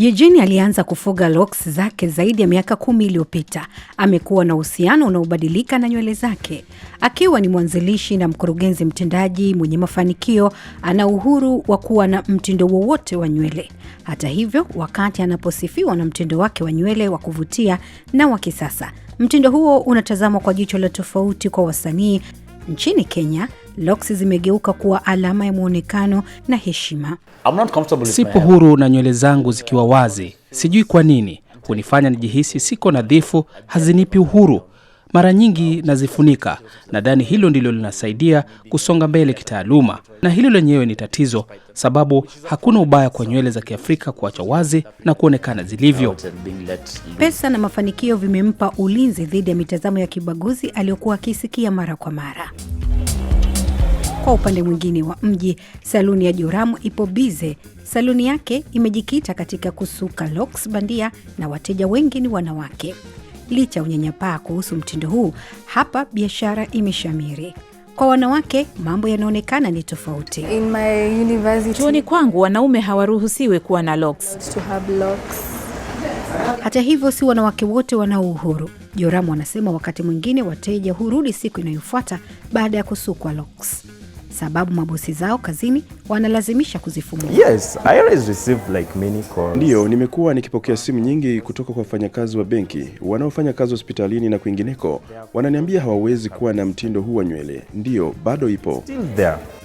Eugene alianza kufuga locks zake zaidi ya miaka kumi iliyopita. Amekuwa na uhusiano unaobadilika na nywele zake. Akiwa ni mwanzilishi na mkurugenzi mtendaji mwenye mafanikio, ana uhuru wa kuwa na mtindo wowote wa nywele. Hata hivyo, wakati anaposifiwa na mtindo wake wa nywele wa kuvutia na wa kisasa, mtindo huo unatazamwa kwa jicho la tofauti kwa wasanii nchini Kenya locks zimegeuka kuwa alama ya mwonekano na heshima. Sipo huru na nywele zangu zikiwa wazi, sijui kwa nini hunifanya nijihisi siko nadhifu, hazinipi uhuru. Mara nyingi nazifunika. Nadhani hilo ndilo linasaidia kusonga mbele kitaaluma, na hilo lenyewe ni tatizo, sababu hakuna ubaya kwa nywele za Kiafrika kuacha wazi na kuonekana zilivyo. Pesa na mafanikio vimempa ulinzi dhidi ya mitazamo ya kibaguzi aliyokuwa akisikia mara kwa mara. Kwa upande mwingine wa mji, saluni ya Joramu ipo bize. Saluni yake imejikita katika kusuka locks bandia na wateja wengi ni wanawake. Licha unyanyapaa kuhusu mtindo huu, hapa biashara imeshamiri. Kwa wanawake mambo yanaonekana ni tofauti. Chuoni kwangu wanaume hawaruhusiwi kuwa na locks. Hata hivyo, si wanawake wote wanao uhuru. Joramu wanasema wakati mwingine wateja hurudi siku inayofuata baada ya kusukwa locks sababu mabosi zao kazini wanalazimisha kuzifumua. Yes, I always receive like many calls. Ndiyo, nimekuwa nikipokea simu nyingi kutoka kwa wafanyakazi wa benki wanaofanya kazi hospitalini na kwingineko, wananiambia hawawezi kuwa na mtindo huu wa nywele. Ndiyo, bado ipo. Still there.